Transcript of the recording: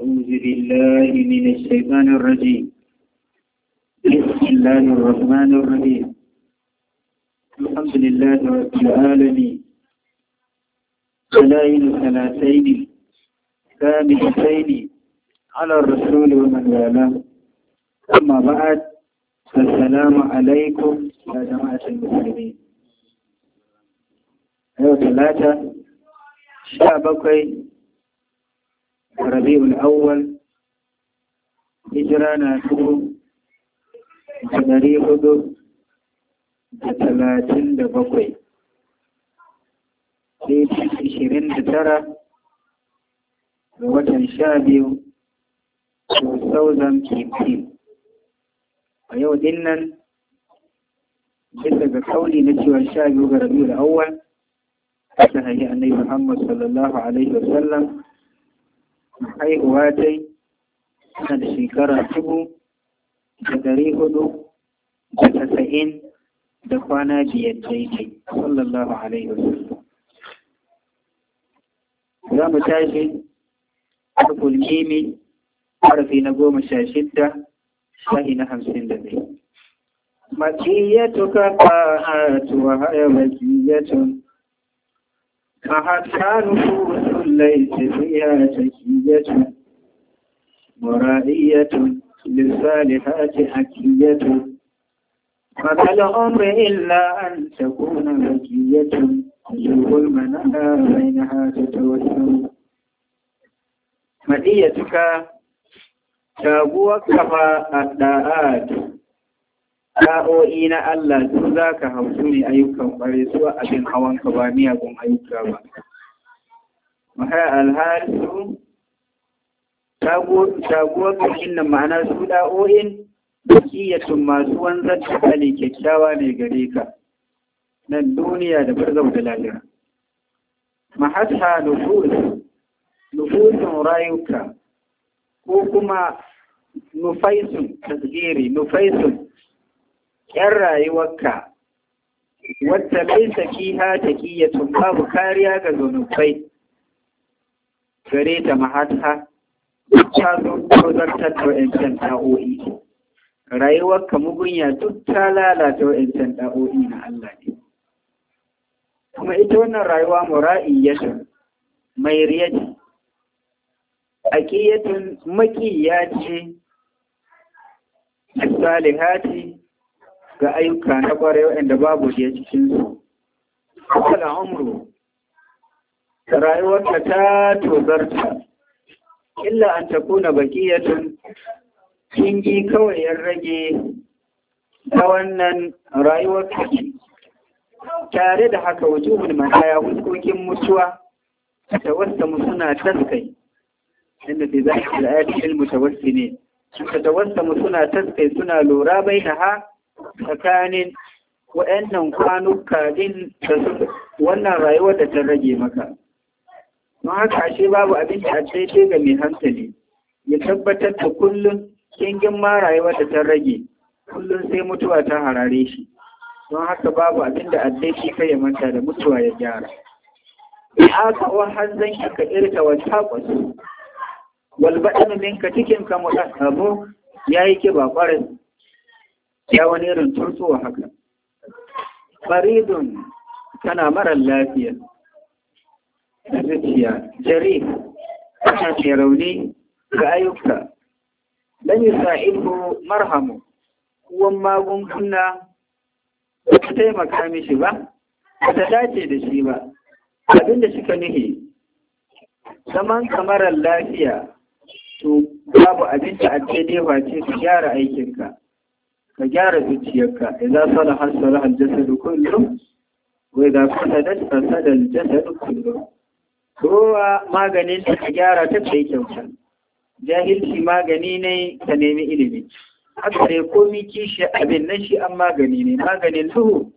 أعوذ بالله من الشيطان الرجيم بسم الله الرحمن الرحيم الحمد لله رب العالمين دلائل ثلاثين كاملتين على الرسول ومن والاه أما بعد السلام عليكم يا جماعة المسلمين أيوة ثلاثة شعبكم rabi'ul awwal hijira na dubu da ɗari hudu da talatin da bakwai daidai ishirin da tara ga watan sha biyu 2015 a yau din nan bisa ga kauli na cewa sha biyu ga rabi'ul awwal ta hanyar annabi Muhammad sallallahu alaihi haihuwa dai na da shekara dubu da dari hudu da tasa'in da kwana biyar daidai sallallahu alaihi wasallam za mu tashi harkul gimi harfi na goma sha shidda shahi na hamsin da biyu makiyatuka fa'atu wa haya makiyatun فحتى نفوس ليس فيها تكية مرائية للصالحات حكية فما الأمر إلا أن تكون ذكية وجوه المنى بينها تتوسل مديتك taguwar kafa a ɗa'ad sa'o'i na Allah su za ka hausu ne ayyukan ƙware su abin ka ba miyagun ayyuka ba. Mahar alhalisu, taguwar kashin da ma'ana su da'o'in bakiyatun masu wanzar da hali kyakkyawa ne gare ka, nan duniya da barzau da lahira. Mahasa nufus, nufusun rayuka, ko kuma nufaisun tasgiri, nufaisun ‘yan rayuwarka, wadda laisa fiha tumba babu kariya ga zunubai gare ta mahatta ta zo zartar da wa'ancan ta'o'i rayuwarka mugunya duk ta lalata wa'incan ɗa'o'i na Allah ne kuma ita wannan rayuwa shi mai riyaci aqiyatun maqiya ce salihati ga ayyuka na ƙwarai waɗanda babu ya cikinsu. Kala umru, rayuwarta ta tozarta, illa an ta kuna bakiyatun, kingi kawai yan rage ta wannan rayuwar ce. Tare da haka wujuhun mataya huskokin mutuwa, ta wasta suna taskai, inda ta za a ilmu ta wasu ne. Suka ta wasta suna taskai suna lura bai da ha tsakanin wa'annan kwanuka din da wannan rayuwar da ta rage maka don haka ashe babu abin da a ga mai hankali ya tabbatar da kullum kingin ma rayuwar da ta rage kullum sai mutuwa ta harare shi don haka babu abin da a daidai kai ya manta da mutuwa ya gyara aka wa hanzan ka irka wa takwas walbaɗin ninka cikinka mu ɗan ya yi ba ƙwarin. ya wani irin tsuntsuwa haka faridun tana marar lafiya da zuciya jere, tana rauni ga ayyuka don yi sa'ibu marhamu kuwan magunguna ba ta taimaka mishi ba ba ta dace da shi ba abinda suka nihi zaman kamarar lafiya to babu abinci a daidai ce su gyara aikinka ka gyara zuciyarka idan salaha salaha al-jasadu kullu wa da fasada da al-jasadu kullu kowa maganin da ka gyara ta kai kyauta jahilci magani ne ta nemi ilimi haka ne komi kishi abin na shi an magani ne maganin duhu